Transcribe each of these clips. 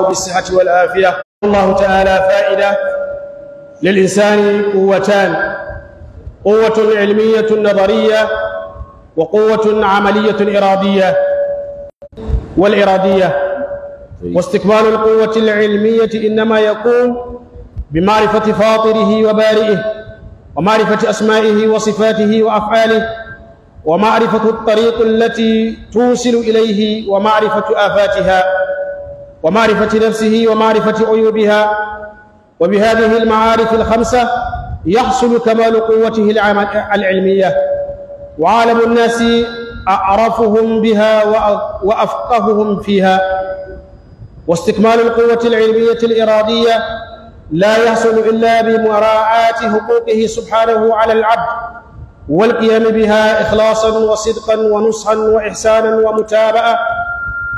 بالصحة والعافية الله تعالى فائدة للإنسان قوتان قوة علمية نظرية وقوة عملية إرادية والإرادية طيب. واستكمال القوة العلمية إنما يقوم بمعرفة فاطره وبارئه ومعرفة أسمائه وصفاته وأفعاله ومعرفة الطريق التي توصل إليه ومعرفة آفاتها ومعرفة نفسه ومعرفة عيوبها وبهذه المعارف الخمسة يحصل كمال قوته العلمية وعالم الناس أعرفهم بها وأفقههم فيها واستكمال القوة العلمية الإرادية لا يحصل إلا بمراعاة حقوقه سبحانه على العبد والقيام بها إخلاصا وصدقا ونصحا وإحسانا ومتابعة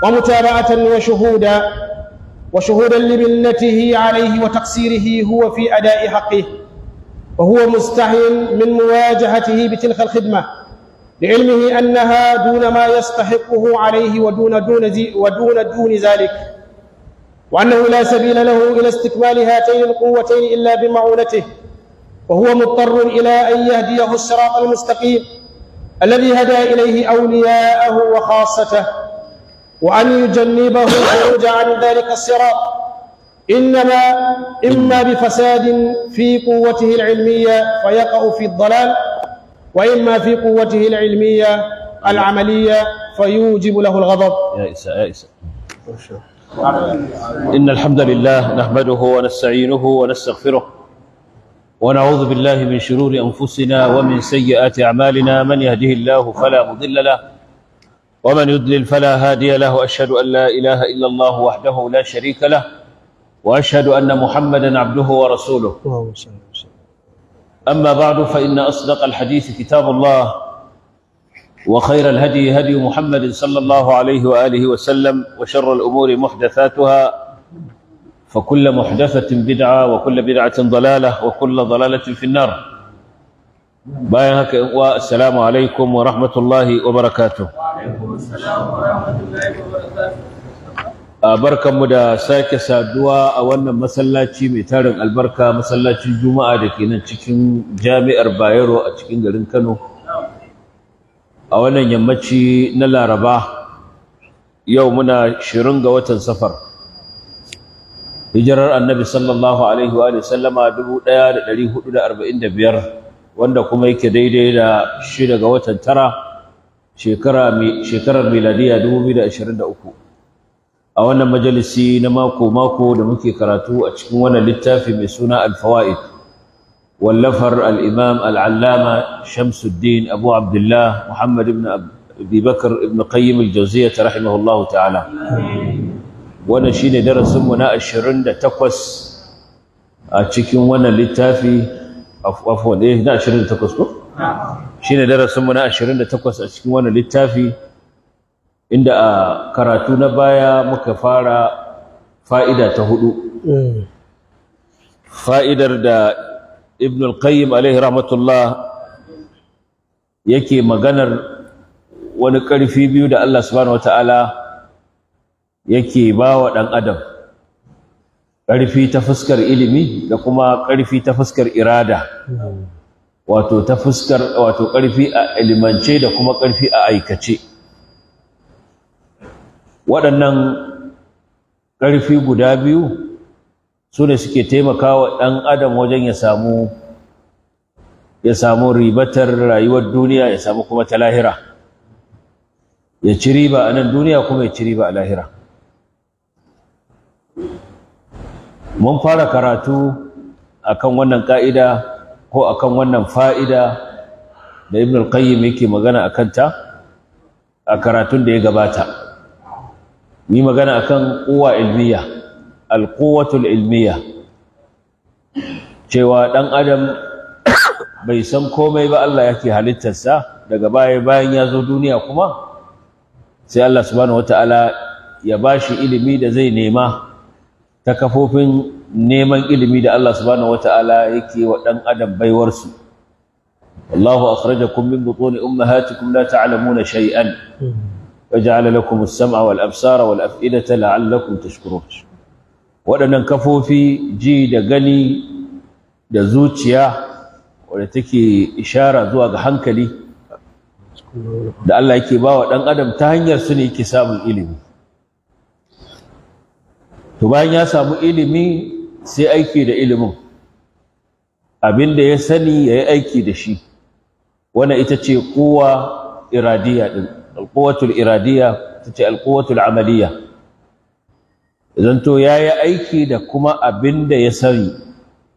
ومتابعة وشهودا وشهودا لمنته عليه وتقصيره هو في أداء حقه وهو مستحي من مواجهته بتلك الخدمة لعلمه أنها دون ما يستحقه عليه ودون دون, ودون دون ذلك وأنه لا سبيل له إلى استكمال هاتين القوتين إلا بمعونته وهو مضطر إلى أن يهديه الصراط المستقيم الذي هدى إليه أولياءه وخاصته وأن يجنبه الخروج عن ذلك الصراط إنما إما بفساد في قوته العلمية فيقع في الضلال وإما في قوته العلمية العملية فيوجب له الغضب يا إساء يا إساء إن الحمد لله نحمده ونستعينه ونستغفره ونعوذ بالله من شرور أنفسنا ومن سيئات أعمالنا من يهده الله فلا مضل له ومن يدلل فلا هادي له أشهد أن لا إله إلا الله وحده لا شريك له وأشهد أن محمدا عبده ورسوله أما بعد فإن أصدق الحديث كتاب الله وخير الهدي هدي محمد صلى الله عليه وآله وسلم وشر الأمور محدثاتها فكل محدثة بدعة وكل بدعة ضلالة وكل ضلالة في النار bayan haka yan uwa assalamu alaikum wa rahmatullahi wa barakatuh barkanmu da sake saduwa a wannan masallaci mai tarin albarka masallacin juma'a da ke nan cikin jami'ar bayero a cikin garin kano a wannan yammaci na laraba yau muna shirin ga watan safar hijirar annabi sallallahu alaihi wa sallama 1445 wanda kuma yake daidai da shi daga watan tara shekarar miladiya 2023 a wannan majalisi na mako-mako da muke karatu a cikin wannan littafi mai suna alfawa'id wallafar al'imam al'allama shamsuddin abu abdullah muhammad ibn abubakar ibn qayyim al-jauziya ta rahimahullahu ta'ala wannan shi ne darasinmu na 28 a cikin wannan littafi afuwan eh, da na 28 ko shine darasinmu na 28 a cikin wani littafi inda a karatu na baya muka fara fa'ida ta hudu hmm. fa'idar da ibn al-qayyim alaihi rahmatullah yake maganar wani ƙarfi biyu da Allah subhanahu Ta'ala yake ba wa ɗan adam ƙarfi ta fuskar ilimi da kuma ƙarfi ta fuskar irada wato ta fuskar wato ƙarfi a ilimance da kuma ƙarfi a aikace waɗannan ƙarfi guda biyu su ne suke taimakawa ɗan adam wajen ya samu ya samu ribatar rayuwar duniya ya samu kuma ta lahira ya ci riba a nan duniya kuma ya ci riba a lahira mun fara karatu akan wannan ka'ida ko akan wannan fa'ida da ibn al-qayyim yake magana akan ta a karatun da ya gabata ni magana akan quwa ilmiya al al ilmiya cewa dan adam bai san komai ba Allah yake halittar sa daga baya bayan ya zo duniya kuma sai Allah subhanahu wataala ya bashi ilimi da zai nema ta kafofin neman ilimi da Allah subhanahu wata'ala yake wa dan adam baiwar su wallahu akhrajakum min butun ummahatikum la ta'lamuna shay'an waja'ala lakum as-sam'a wal absara wal af'idata la'allakum tashkurun waɗannan kafofi ji da gani da zuciya wadda take ishara zuwa ga hankali da Allah yake ba wa ɗan adam ta hanyar su ne yake samun ilimi to bayan ya samu ilimi sai aiki da ilimin abin da ya sani ya yi aiki da shi wani ita ce kowa iradiya ɗin alkowatul iradiya ita ce alkowatul amaliya zanto ya yi aiki da kuma abin da ya sani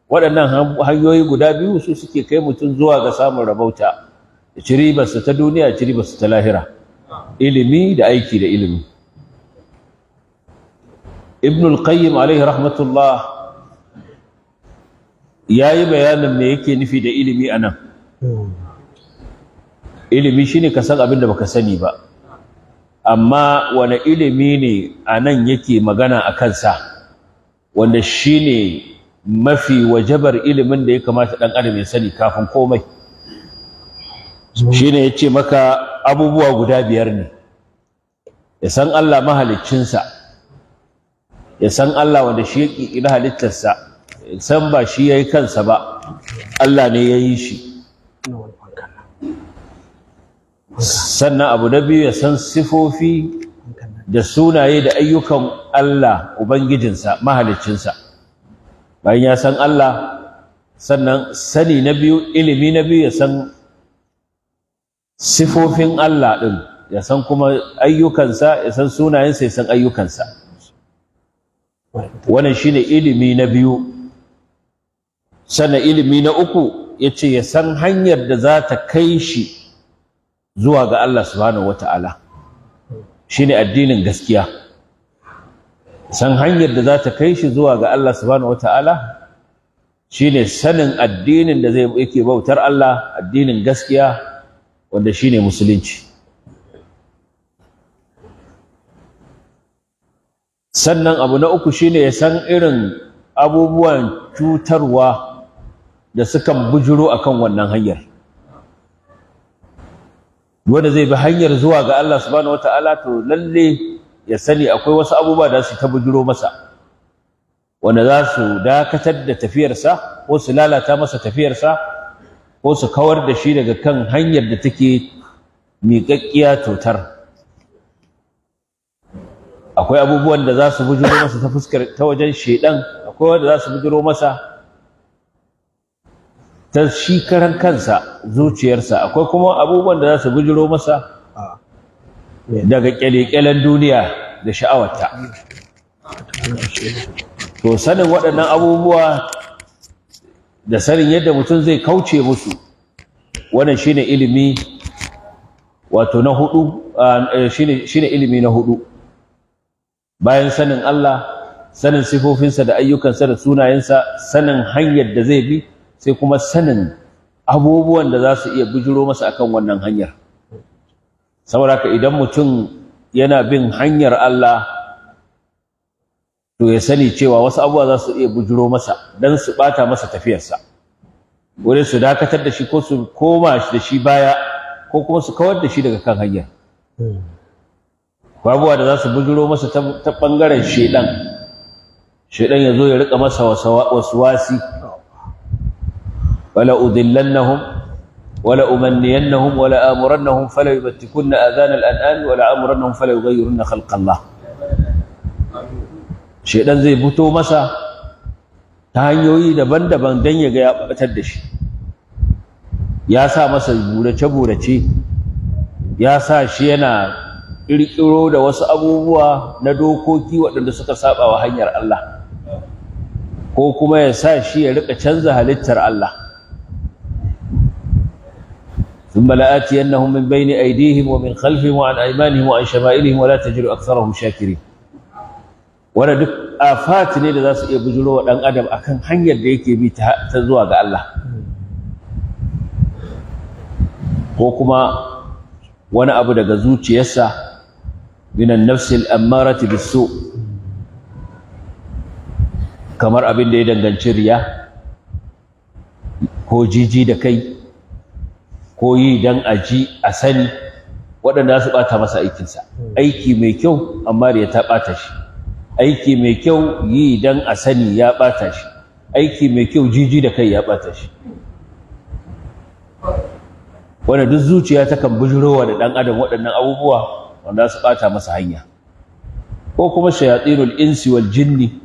waɗannan hanyoyi guda biyu su suke kai mutum zuwa ga samun rabauta da ta duniya ci ta lahira ilimi da aiki da ilimi ibnul qayyim alaihi rahmatullah ya yi bayanin me yake nufi da ilimi a nan ilimi shine ka san abin da baka sani ba amma wani ilimi ne anan nan yake magana a kansa wanda shine mafi wajabar ilimin da ya kamata ɗan adam ya sani kafin komai shine ya ce maka abubuwa guda biyar ne ya san Allah mahaliccinsa ya san Allah wanda shi ya ƙirƙiri halittarsa san ba shi ya yi kansa ba Allah ne ya yi shi sannan abu na biyu ya san sifofi da sunaye da ayyukan Allah Ubangijinsa mahaliccinsa bayan ya san Allah sannan sani na biyu ilimi na biyu ya san sifofin Allah ɗin ya san kuma ayyukansa ya san sunayensa ya san ayyukansa wannan shine ilimi na biyu sannan ilimi na uku ya ce ya san hanyar da za ta kai shi zuwa ga Allah subhanahu wata'ala shine addinin gaskiya san hanyar da za ta kai shi zuwa ga Allah subhanahu wata'ala shine sanin addinin da zai yake bautar Allah addinin gaskiya wanda shine musulunci sannan abu na uku shine ya san irin abubuwan cutarwa da sukan bujuro akan wannan hanyar wanda zai bi hanyar zuwa ga Allah subhanahu wataala to lalle ya sani akwai wasu abubuwa da su ta bujuro masa wanda za su dakatar da tafiyarsa ko su lalata masa tafiyarsa ko su kawar da shi daga kan hanyar da take miƙaƙƙiya totar akwai abubuwan da za su bujuro masa ta fuskar ta wajen shaidan akwai wanda za su bujuro masa ta shi karan kansa zuciyarsa akwai kuma abubuwan da za su bujuro masa daga kyalekyalen duniya da sha'awarta to sanin waɗannan abubuwa da sanin yadda mutum zai kauce musu wannan shine ilimi wato na hudu eh, shine ilimi na hudu bayan sanin Allah sanin sifofinsa da ayyukansa da sunayensa sanin hanyar da zai bi sai kuma sanin abubuwan da za su iya bijiro masa akan wannan hanyar saboda idan mutum yana bin hanyar Allah to ya sani cewa wasu abubuwa za su iya bujiro masa don su ɓata masa tafiyarsa wurin su dakatar da shi ko su koma da shi baya ko kuma su kawar da shi daga kan hanyar hmm. Babuwa da za su bujiro masa ta ɓangaren shaidan shaidan ya zo ya riƙa masa wasu wasi. wala na udillannahum wala na umanniyannahum wala amuran na amurannahum Falai batikun na al-an'am wala amuran na amurannahum fala yughayyirunna khalqa Allah shaidan zai fito masa ta hanyoyi daban-daban don ya ga ya ɓatar da shi ya sa masa burace-burace ya sa shi yana ƙirƙiro da wasu abubuwa na dokoki waɗanda suka saba wa hanyar Allah ko kuma ya sa shi ya riƙa canza halittar Allah ثم لآتينهم من بين أيديهم ومن خلفهم وعن أيمانهم وعن شمائلهم ولا تجد أكثرهم Shakiri, wanda duk afati ne da za su iya bujiro wa ɗan adam akan hanyar da yake bi ta zuwa ga Allah ko kuma wani abu daga zuciyarsa min an-nafs al-ammarati bis-su kamar abin da ya danganci riya ko jiji da kai ko yi dan aji a sani waɗanda su bata masa aikinsa aiki mai kyau amma riya ta ɓata shi aiki mai kyau yi dan a sani ya ɓata shi aiki mai kyau jiji da kai ya ɓata shi wanda duk zuciya takan bujirowa da ɗan adam waɗannan abubuwa wanda su bata masa hanya ko kuma shayatinul insi wal jinni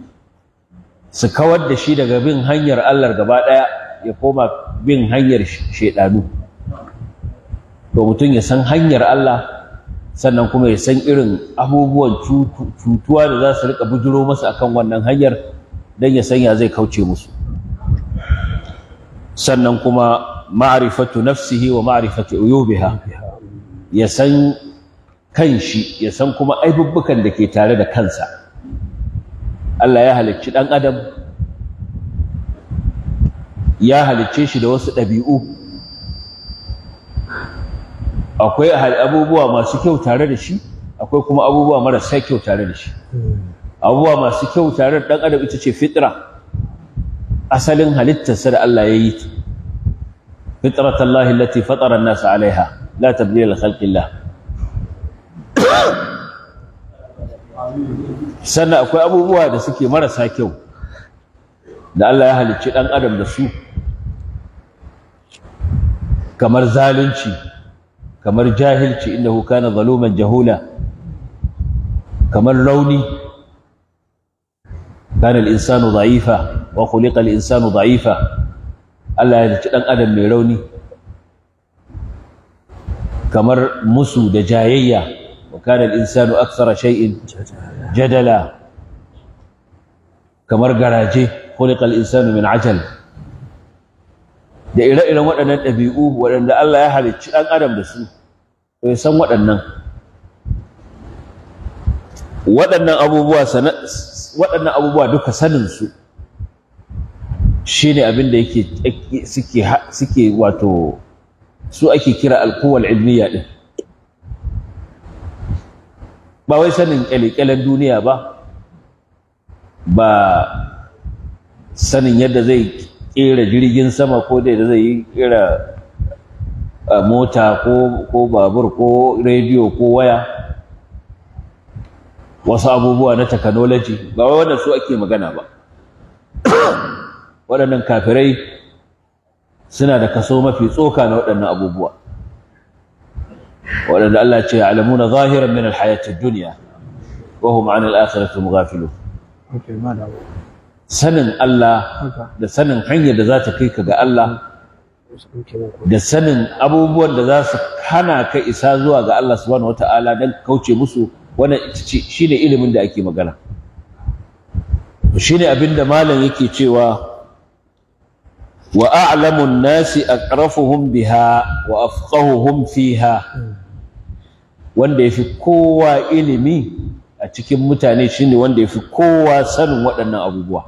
su kawar da shi daga bin hanyar Allah gaba daya ya koma bin hanyar shedanu to mutum ya san hanyar Allah sannan kuma ya san irin abubuwan cutuwa da za su rika bujiro masa akan wannan hanyar dan ya san zai kauce musu sannan kuma ma'rifatu nafsihi wa ma'rifatu uyubiha ya san Kanshi ya san kuma aibubbukan da ke tare da kansa Allah ya halicci dan adam ya halicce shi da wasu ɗabi'u akwai abubuwa masu kyau tare da shi akwai kuma abubuwa marasa kyau tare da shi abubuwa masu kyau tare da dan adam ita ce fitra asalin halittarsa da Allah ya yi fitratallahi allati fatara an-nasa alaiha la tabdila li khalqillah sannan akwai abubuwa da suke marasa kyau da Allah ya halicci ɗan adam da su kamar zalunci kamar jahilci innahu kana zaluman jahula kamar rauni kana al za'ifa, wa khuliqa al-insanu Allah ya halicci ɗan adam mai rauni kamar musu da jayayya وكان الإنسان أكثر شيء جدلا kamar garaje khuliqal insanu min ajal da ire-iren waɗannan ɗabi'u waɗanda Allah ya halicci ɗan adam da su to ya san waɗannan waɗannan abubuwa waɗannan abubuwa duka sanin su shine abin da yake suke suke wato su ake kira alquwal ilmiya din ba wai sanin kyalekyalen duniya ba ba sanin yadda zai ƙera jirgin sama ko da zai ƙera mota ko babur ko rediyo ko waya wasu abubuwa na technology ba wai wanda su ake magana ba waɗannan kafirai suna da kaso mafi tsoka na waɗannan abubuwa waɗanda Allah ce na zahiran min alhayatid duniya wa hum an al-akhirati mughafilun sanin Allah da sanin hanyar da za ta kai ka ga Allah da sanin abubuwan da za su hana ka isa zuwa ga Allah subhanahu wata'ala don kauce musu wannan shi ne ilimin da ake magana shi ne abin da malam yake cewa wa a'lamun nasi aqrafuhum biha wa afqahuhum fiha hmm. wanda ya fi kowa ilimi a cikin mutane shine wanda ya fi kowa sanin waɗannan abubuwa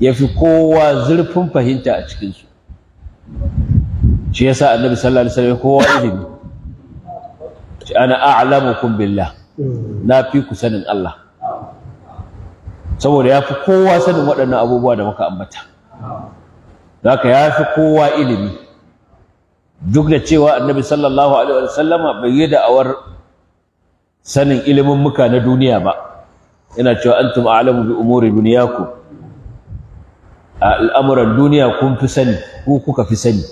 ya fi kowa zurfin fahimta a cikinsu shi yasa annabi sallallahu alaihi wasallam kowa ilimi ce ana a'lamukum billah na fi ku sanin Allah saboda ya fi kowa sanin waɗannan abubuwa da muka ambata haka ya fi kowa ilimi duk da cewa annabi sallallahu alaihi wasallama bai yi da'awar sanin ilimin muka na duniya ba ina cewa antum a'lamu bi umuri dunyakum al'amuran duniya kun fi sani ku kuka fi sani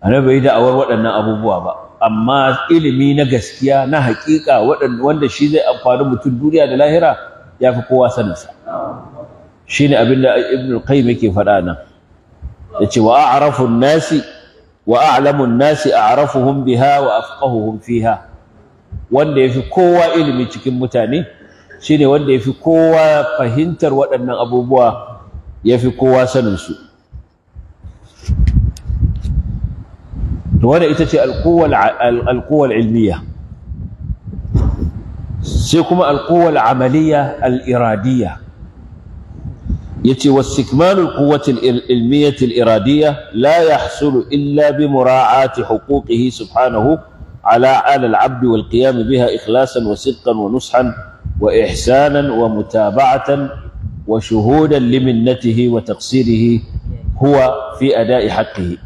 annabi bai awar waɗannan abubuwa ba amma ilimi na gaskiya na haƙiƙa wanda shi zai amfani mutum duniya da lahira ya fi kowa saninsa shi ne abin da ibn qayyim yake faɗa nan yace wa a'rafu nasi wa a'lamu nasi a'rafuhum biha wa afqahuhum fiha wanda yafi kowa ilimi cikin mutane shine wanda yafi kowa fahimtar waɗannan abubuwa yafi kowa sanin su to wanda ita ce alquwal ilmiya sai kuma alquwal amaliya al'iradiya. Ya yace wastikmalul quwwati al-ilmiyyati al-iradiyya la yahsulu illa bi mura'ati huquqihi subhanahu على على العبد والقيام بها إخلاصا وصدقا ونصحا وإحسانا ومتابعة وشهودا لمنته وتقصيره هو في أداء حقه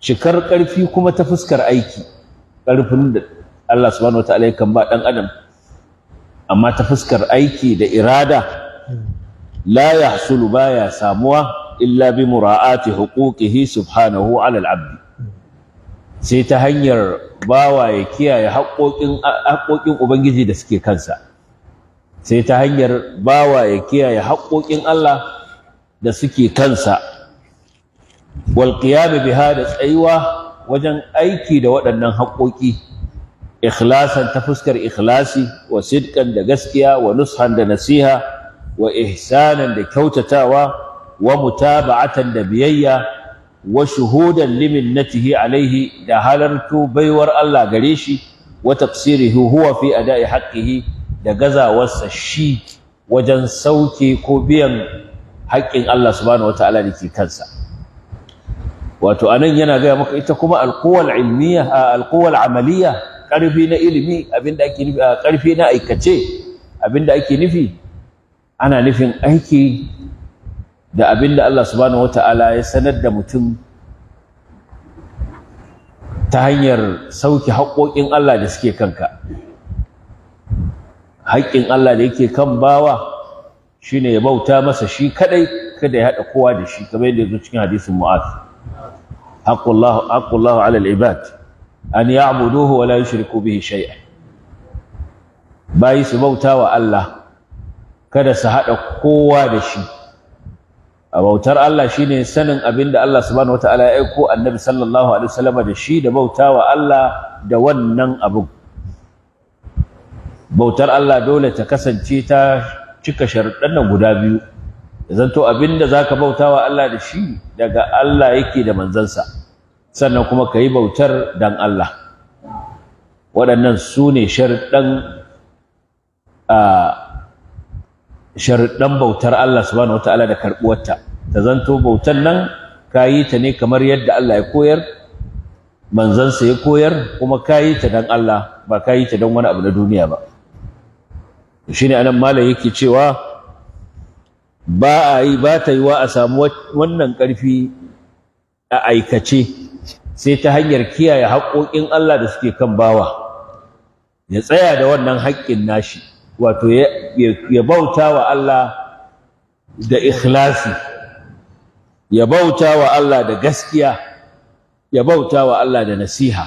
شكر قرفي كما تفسكر أيكي قرفن الله سبحانه وتعالى كم بعد أن أدم أما تفسكر أيكي لإرادة لا يحصل بايا ساموة إلا بمراعاة حقوقه سبحانه على العبد sai ta hanyar bawa ya kiyaye haƙoƙin ubangiji da suke kansa sai ta hanyar bawa ya kiyaye haƙoƙin Allah da suke kansa wal qiyam biha da tsayuwa wajen aiki da waɗannan haƙoƙi ikhlasan ta fuskar ikhlasi wa sidkan da gaskiya wa nushan da nasiha wa ihsanan da kyautatawa wa mutaba'atan da biyayya wa shuhudan liminnatihi alaihi da halartu baiwar Allah gare shi wa tafsirihi huwa fi ada'i haqqihi da gazawarsa shi wajen sauke ko biyan haƙƙin Allah subhanahu wataala da ke kansa wato anan yana gaya maka ita kuma alquwal ilmiya alquwal amaliya ƙarfi na ilimi abinda ake nufi ƙarfi na aikace abinda ake nufi ana nufin aiki da abin da Allah subhanahu wata'ala ya sanar da mutum ta hanyar sauke haƙoƙin Allah da suke kanka haƙƙin Allah da yake kan bawa shine ya bauta masa shi kadai kada ya haɗa kowa da shi kamar yadda ya zo cikin hadisin mu'az haqqullahu haqqullahu ibad an ya'buduhu wa la yushriku bihi shay'a bayi su bauta wa Allah kada su haɗa kowa da shi bautar Allah shine sanin abinda da Allah subhanahu wataala ya aiko annabi sallallahu alaihi wasallam da shi da bautawa Allah da wannan abin bautar Allah dole ta kasance ta cika sharuɗan nan guda biyu zanto abinda zaka bautawa Allah da shi daga Allah yake da manzansa sannan kuma kayi bautar dan Allah waɗannan su ne sharuɗan a bautar Allah subhanahu wataala da karɓuwarta ta zanto bautan nan ka yi ta ne kamar yadda Allah ya koyar manzansa ya koyar kuma ka yi ta don Allah ba ka yi ta don wani abu na duniya ba shi ne anan malam yake cewa ba a yi ba ta yi wa a samu wannan ƙarfi a aikace sai ta hanyar kiyaye haƙoƙin Allah da suke kan bawa ya tsaya da wannan haƙƙin nashi wato ya bauta wa Allah da ikhlasi ya bauta wa Allah da gaskiya ya bauta wa Allah da nasiha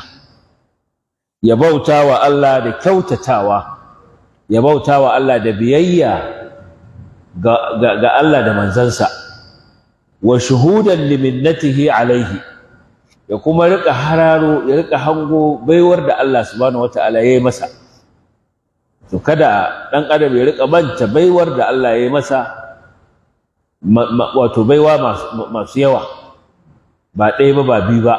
ya bauta wa Allah da kyautatawa ya bauta wa Allah da biyayya ga, ga, ga Allah da manzansa wa shuhudan liminnatihi alaihi ya kuma riƙa hararo ya riƙa hango baiwar da Allah subhanahu wataala ya yi masa to kada ɗan adam ya riƙa manta baiwar da Allah ya yi masa wato baiwa masu yawa ba ɗaya ba ba biyu ba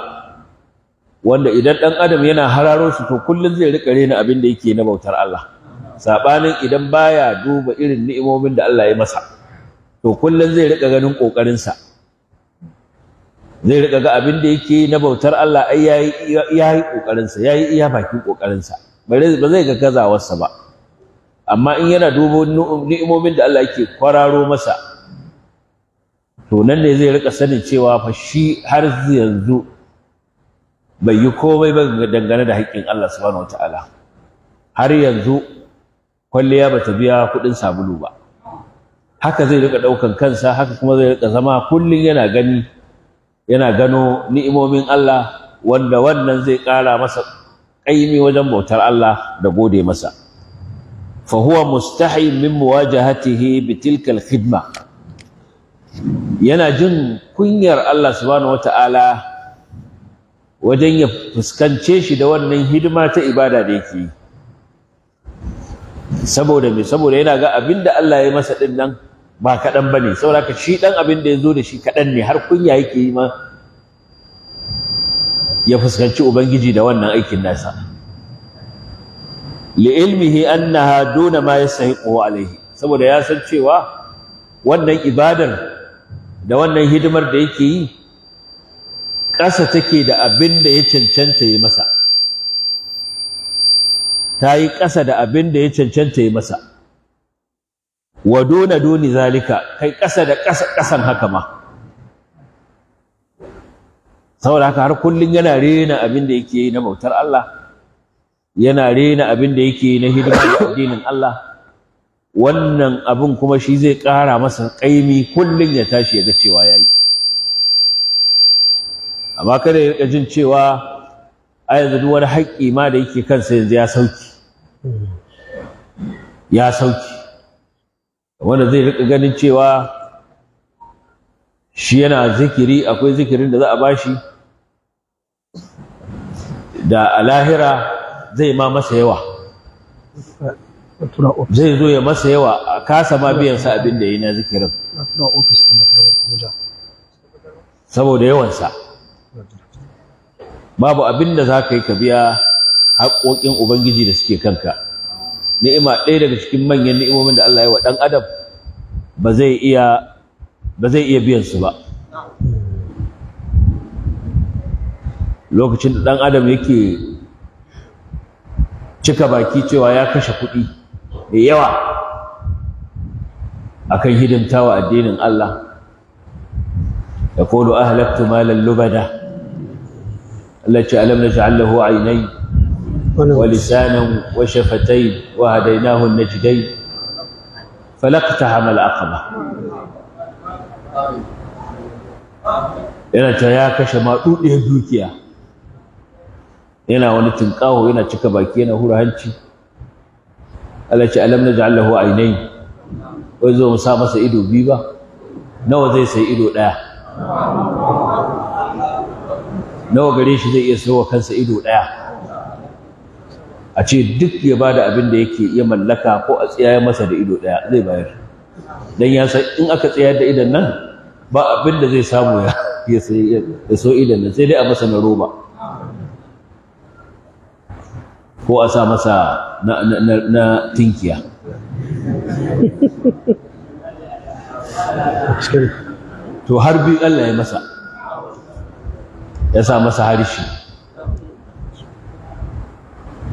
wanda idan ɗan adam yana hararo shi to kullum zai riƙa rena abin da yake na bautar Allah saɓanin idan baya duba irin ni'imomin da Allah ya masa to kullum zai riƙa ganin ƙoƙarinsa zai riƙa ga abin da yake na bautar Allah ai ya yi ƙoƙarinsa ya yi iya bakin ƙoƙarinsa ba zai ga gazawarsa ba amma in yana dubo ni'imomin da Allah yake kwararo masa to nan ne zai rika sanin cewa fa shi har yanzu bai yi komai ba dangane da haƙƙin Allah subhanahu wataala har yanzu kwalliya bata biya kuɗin sabulu ba haka zai rika ɗaukan kansa haka kuma zai rika zama kullum yana gani yana gano ni'imomin Allah wanda wannan zai ƙara masa ƙaimi wajen bautar Allah da gode masa fa huwa mustahi min muwajahatihi bi tilka yana jin kunyar Allah subhanahu wata'ala wajen ya fuskance shi da wannan hidima ta ibada da yake saboda me saboda yana ga abinda Allah ya masa din nan ba kaɗan bane, ne saboda shi ɗan abin da ya zo da shi kaɗan ne har kunya yake yi ma ya fuskanci ubangiji da wannan aikin nasa li'ilmihi annaha duna ma yastahiqu alayhi saboda ya san cewa wannan ibadar da wannan hidimar da yake yi ƙasa take da abin da ya cancanta ya masa ta yi ƙasa da abin da ya cancanta ya masa wa dona doni zalika kai ƙasa da ƙasa ƙasan haka ma saboda haka har kullum yana rena abin da yake yi na bautar Allah yana rena abin da yake yi na hidimar addinin Allah wannan abin kuma shi zai ƙara masa ƙaimi kullum ya tashi ya ga cewa ya yi amma kada ya riƙa jin cewa a yanzu duk wani haƙƙi ma da yake kansa yanzu ya sauki ya sauki wanda zai riƙa ganin cewa shi yana zikiri akwai zikirin da za a bashi da a lahira zai ma masa yawa zai zo ya masa yawa a kasa ma biyan sa abin da yi na zikirin saboda yawansa babu abin da za ka yi ka biya haƙoƙin ubangiji da suke kanka ni'ima ɗaya daga cikin manyan ni'imomin da Allah ya wa ɗan adam ba zai iya ba zai iya biyan su ba lokacin da ɗan adam yake cika baki cewa ya kashe kuɗi mai yawa akan wa addinin Allah a ahlaktu malan lubada Allah ce alam naj'al lahu aynay wa lisanan wa shafatayn wa hadaynahu an-najdayn falaqtahama al-aqaba yana ta ya kashe maɗuɗiyar dukiya yana wani tunƙaho yana cika baki yana hura hanci Allah ce alam naj'al lahu aynayn wai zo mu sa masa ido biyu ba nawa zai sai ido daya nawa gare shi zai iya sayo kansa ido daya a ce duk ya bada abin da yake iya mallaka ko a tsaya masa da ido daya zai bayar dan ya san in aka tsayar da idan nan ba abin da zai samu ya ya sai ya so idan nan sai dai a masa na roba ko a sa masa na tinkiya to har biyu Allah ya masa ya sa masa harshe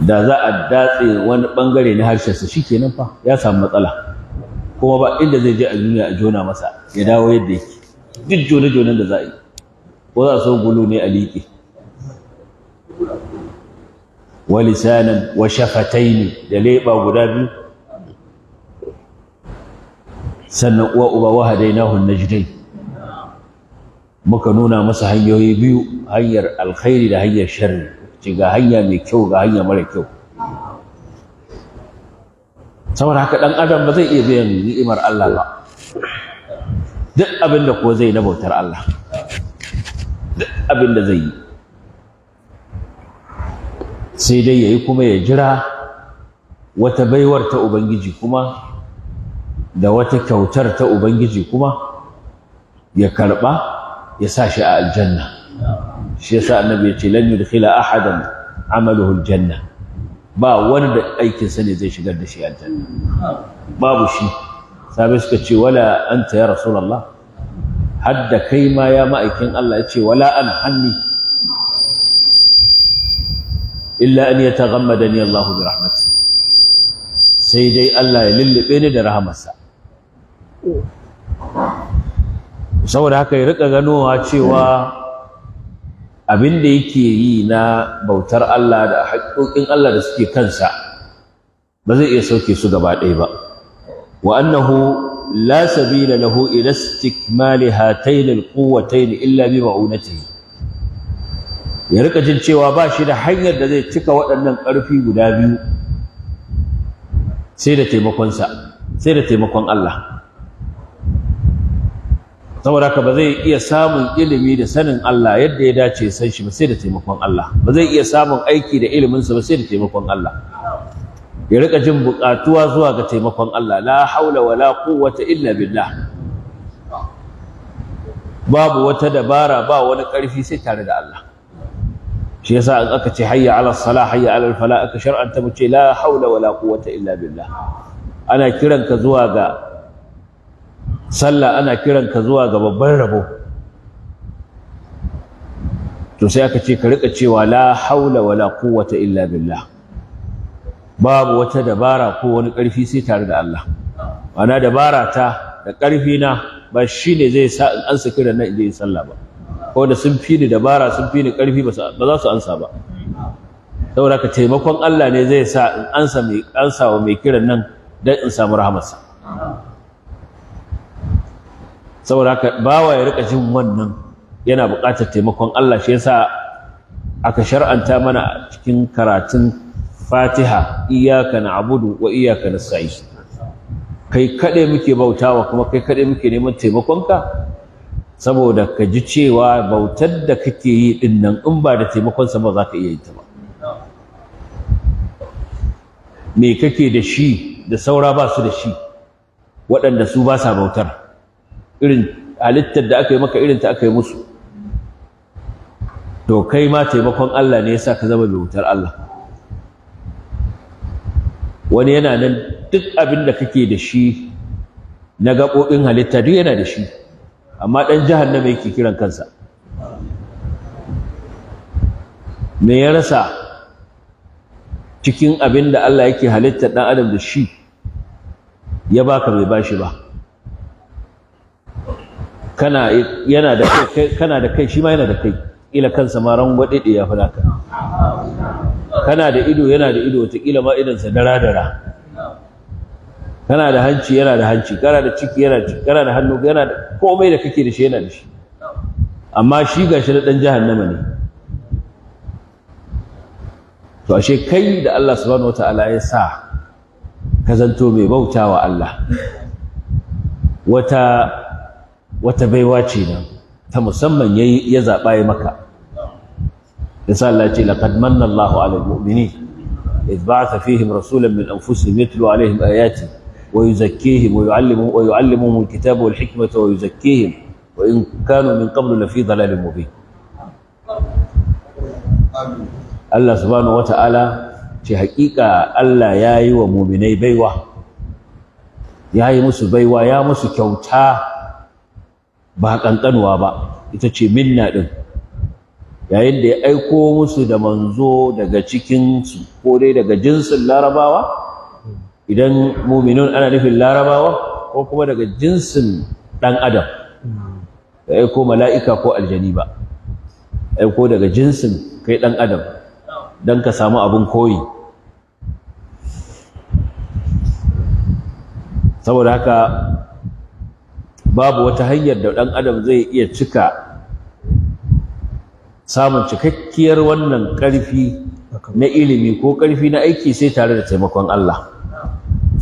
da za a datse wani bangare na harshensa shi kenan fa ya samu matsala kuma ba inda zai je a duniya a jona masa ya dawo yadda yake duk jone-jonen da za a yi ko za a so gulo ne a liƙe walisanan lisanan wa shafataini da leɓa guda biyu sannan uwa uba na hadainahu najdai muka nuna masa hanyoyi biyu hanyar alkhairi da hanyar sharri ce ga hanya mai kyau ga hanya mara kyau saboda haka dan adam ba zai iya biyan ni'imar Allah ba duk abin da kuwa zai na bautar Allah duk abin da zai yi sai dai ya yi kuma ya jira wata baiwar ta ubangiji kuma da wata kyautar ta ubangiji kuma ya karɓa ya sa shi a aljanna shi yasa annabi ya ce lan yudkhila ahadan amaluhu aljanna ba wani da aikinsa ne zai shigar da shi aljanna babu shi sabai suka ce wala anta ya rasulullah hadda kai ma ya ma'aikin Allah ya ce wala an hanni illa an yataghammadani Allah bi rahmati sai dai Allah ya lullube ni da rahamarsa saboda haka ya rika ganowa cewa abin da yake yi na bautar Allah da haƙoƙin Allah da suke kansa ba zai iya sauke su gaba ɗaya ba wa annahu la sabila lahu ila istikmali hatayn alquwwatayn illa bi ma'unatihi ya rika jin cewa ba shi da hanyar da zai cika waɗannan ƙarfi guda biyu sai da taimakonsa sai da taimakon Allah saboda haka ba zai iya samun ilimi da sanin Allah yadda ya dace san shi ba sai da taimakon Allah ba zai iya samun aiki da iliminsa ba sai da taimakon Allah ya rika jin buƙatuwa zuwa ga taimakon Allah la haula wala quwwata illa billah babu wata dabara ba wani ƙarfi sai tare da Allah shi yasa aka ce hayya ala salah hayya ala fala aka shar'anta mu ce la haula wala quwwata illa billah ana kiran ka zuwa ga sallah ana kiran ka zuwa ga babban rabo to sai aka ce ka rika cewa la haula wala quwwata illa billah babu wata dabara ko wani karfi sai tare da Allah ana dabara ta da karfi na ba shine zai sa in an saki ran na je sallah ba wanda sun fi ni dabara sun fi ni ƙarfi ba za su ansa ba saboda ka taimakon Allah ne zai sa in ansa mai ansa wa mai kiran nan dan in samu rahamarsa saboda ka bawa ya rika jin wannan yana buƙatar taimakon Allah shi yasa aka shar'anta mana cikin karatun Fatiha iyyaka na'budu wa iyyaka nasta'in kai kaɗai muke bautawa kuma kai kaɗai muke neman taimakonka saboda ka ji cewa bautar da kake yi din nan in ba da taimakon sa ba za ka iya yi ta ba me kake da shi da saura ba su da shi waɗanda su ba sa bautar irin halittar da aka yi maka irin ta aka yi musu to kai ma taimakon Allah ne yasa ka zama bautar Allah wani yana nan duk abin da kake da shi na gaɓoɓin halitta duk yana da shi amma dan jahannama yake kiran kansa me ya rasa cikin abin da Allah yake halitta dan adam da shi ya baka bai bashi ba kana yana da kai kana da kai shi ma yana da kai ila kansa ma rangwaɗe ya fi ka. kana da ido yana da ido wataƙila ma idansa dara dara kana da hanci yana da hanci kana da ciki yana da ciki kana da hannu yana da komai da kake da shi yana da shi amma shi gashi da dan jahannama ne to ashe kai da Allah subhanahu ya sa ka zanto mai bautawa Allah wata wata baiwa ce nan ta musamman yayi ya zaba ya maka yasa Allah ce laqad manna Allahu 'alal mu'minin إذ بعث فيهم رسولا من ويزكيهم ويعلمهم ويعلمهم الكتاب والحكمة ويزكيهم وإن كانوا من قبل لفي ضلال مبين Subhanahu wa ta'ala ce hakika Allah ya yi wa muminai baiwa ya yi musu baiwa ya musu kyauta ba ƙanƙanuwa ba ita ce minna ɗin yayin da ya aiko musu da manzo daga cikinsu ko dai daga jinsin larabawa idan muminun ana nufin larabawa ko kuma daga jinsin ɗan adam da ko mala'ika ko aljani ba ko daga jinsin kai ɗan adam don ka samu abin koyi saboda haka babu wata hanyar da ɗan adam zai iya cika samun cikakkiyar wannan ƙarfi na ilimi ko ƙarfi na aiki sai tare da taimakon Allah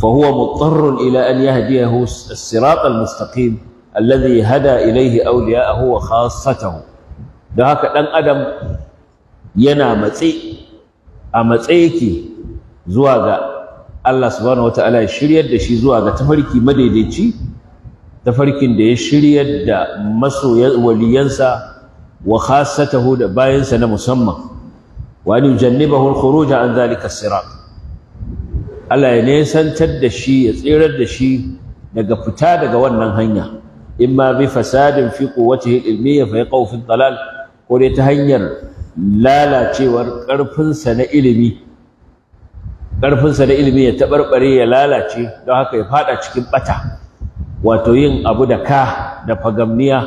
ila فهو مضطر إلى أن يهديه الصراط المستقيم الذي هدى إليه أولياءه وخاصته da haka ɗan adam yana matse a matse yake zuwa ga Allah subhanahu wataala ya shiryar da shi zuwa ga tafarki madaidaici tafarkin da ya shiryar da masoyan waliyansa wa khassatahu da bayansa na musamman wani an yujannibahu al-khuruj an dhalika Allah ya nesantar da shi ya tsirar da shi daga fita daga wannan hanya imma bi fasadin fi quwwatihi ilmiyya fa yaqau fi dalal ko dai ta hanyar lalacewar ƙarfinsa na ilimi na ilimi ya taɓarɓare ya lalace don haka ya faɗa cikin ɓata wato yin abu da ka da fagamniya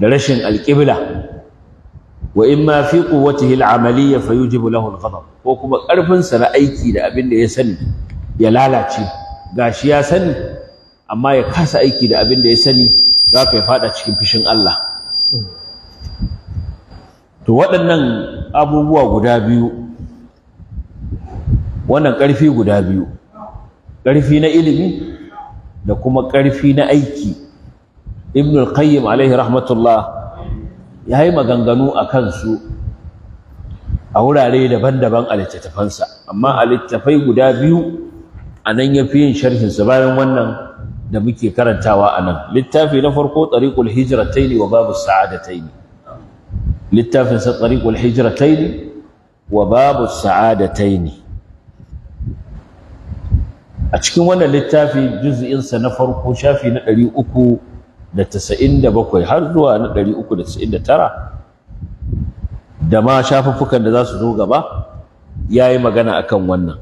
da rashin alƙibla wa imma fi quwwatihi al'amaliyya fa yujibu lahu al-ghadab ko kuma ƙarfinsa na aiki da abin da ya sani ya lalace gashi ya sani amma ya kasa aiki da abin da ya sani za ka ya faɗa cikin fushin Allah to waɗannan abubuwa guda biyu wannan ƙarfi guda biyu ƙarfi na ilimi da kuma ƙarfi na aiki ibn al-qayyim alaihi rahmatullah ya yi maganganu a kansu a wurare daban-daban a littattafansa amma a littattafai guda biyu a nan ya fi yin sharhinsa bayan wannan da muke karantawa a nan littafi na farko tsariƙul hijirataini wa babu sa'adataini littafinsa tsariƙul hijirataini wa babu sa'adataini a cikin wannan littafi juz'insa na farko shafi na ɗari uku da tasa'in da bakwai har zuwa na ɗari uku da tasa'in da tara da ma shafuffukan da za su zo gaba ya yi magana akan wannan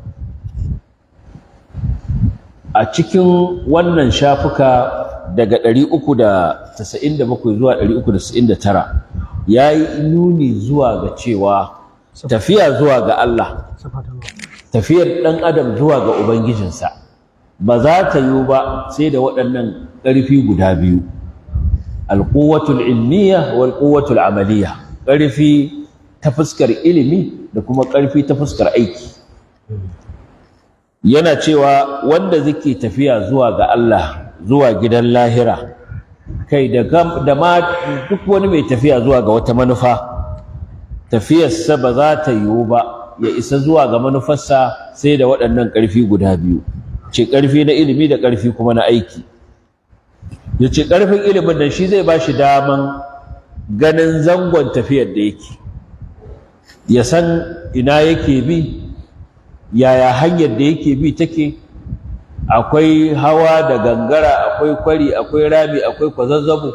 a cikin wannan shafuka daga 397 zuwa 399 ya yi nuni zuwa ga cewa tafiya zuwa ga Allah tafiyar ɗan adam zuwa ga ubangijinsa ba za ta yiwu ba sai da waɗannan ƙarfi guda biyu alƙuwatul ilmiya wal ƙuwatul amaliya ƙarfi ta fuskar ilimi da kuma ƙarfi ta fuskar aiki yana cewa wanda ke tafiya zuwa ga Allah zuwa gidan lahira kai da ma duk wani mai tafiya zuwa ga wata manufa tafiyarsa ba za ta yiwu ba ya isa zuwa ga manufarsa sai da waɗannan ƙarfi guda biyu ce ƙarfi na ilimi da ƙarfi kuma na aiki ya ce ƙarfin ilimin nan shi zai ba shi daman ganin zangon tafiyar da yake ya san ina yake bi yaya hanyar da yake bi take akwai hawa da gangara akwai kwari akwai rami akwai kwazazzabo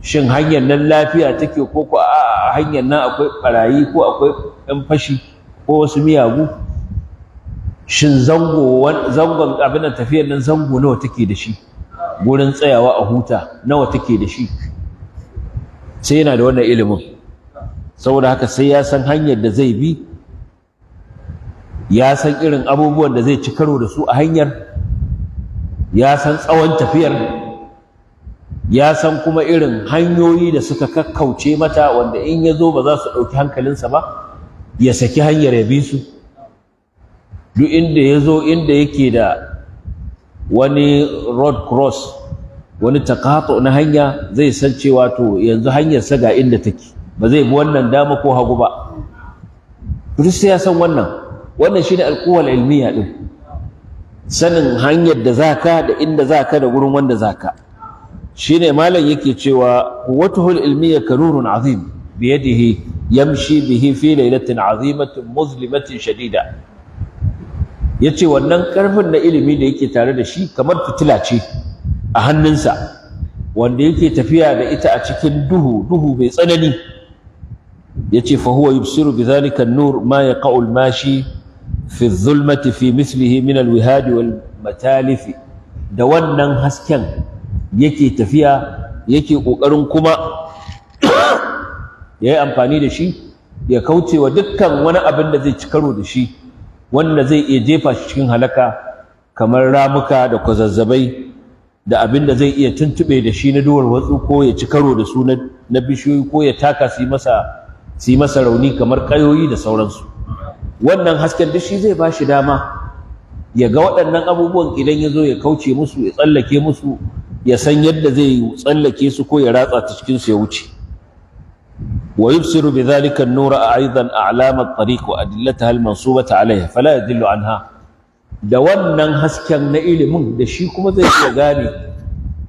shin hanyar nan lafiya take ko ko a hanyar nan akwai barayi ko akwai ɗan fashi ko wasu miyagu shin zango zangon abin da tafiyar nan zango nawa take da shi gurin tsayawa a huta nawa take da shi sai yana da wannan ilimin saboda haka sai ya san hanyar da zai bi ya san irin abubuwan da zai ci karo da su a hanyar ya san tsawon tafiyar ya san kuma irin hanyoyi da suka kakkauce mata wanda in ya zo ba za su ɗauki hankalinsa ba ya saki hanyar ya bi su duk inda ya zo inda yake da wani road cross wani takato na hanya zai san cewa to yanzu hanyar ga inda take ba zai bi wannan dama ko hagu ba Kristo ya san wannan wannan shine alquwal ilmiya din sanin hanyar da zaka da inda zaka da gurin wanda zaka shine malam yake cewa quwwatuhul ilmiya karurun azim biyadihi yamshi bihi fi lailatin azimatin muzlimatin shadida yace wannan karfin na ilimi da yake tare da shi kamar fitila ce a hannunsa wanda yake tafiya da ita a cikin duhu duhu mai tsanani yace fa huwa yubsiru bidhalika an-nur ma yaqa'u al-mashi fi adh-dhulmati fi mithlihi min al-wihad wal matalif da wannan hasken yake tafiya yake kokarin kuma yayi amfani da shi ya kaucewa wa dukkan wani abin da zai ci karo da shi wanda zai iya jefa shi cikin halaka kamar ramuka da kwazazzabai da abin da zai iya tuntube da shi na duwar watsu ko ya ci karo da su na bishiyoyi ko ya taka su masa su yi masa rauni kamar ƙayoyi da sauransu wannan hasken duk shi zai ba shi dama ya ga waɗannan abubuwan idan ya zo ya kauce musu ya tsallake musu ya san yadda zai tsallake su ko ya ratsa ta cikin su ya wuce wa yubsiru bi dhalika an-nura aidan a'lama at-tariq wa adillataha al-mansubata alayha fala yadillu anha da wannan hasken na ilimin da shi kuma zai iya gane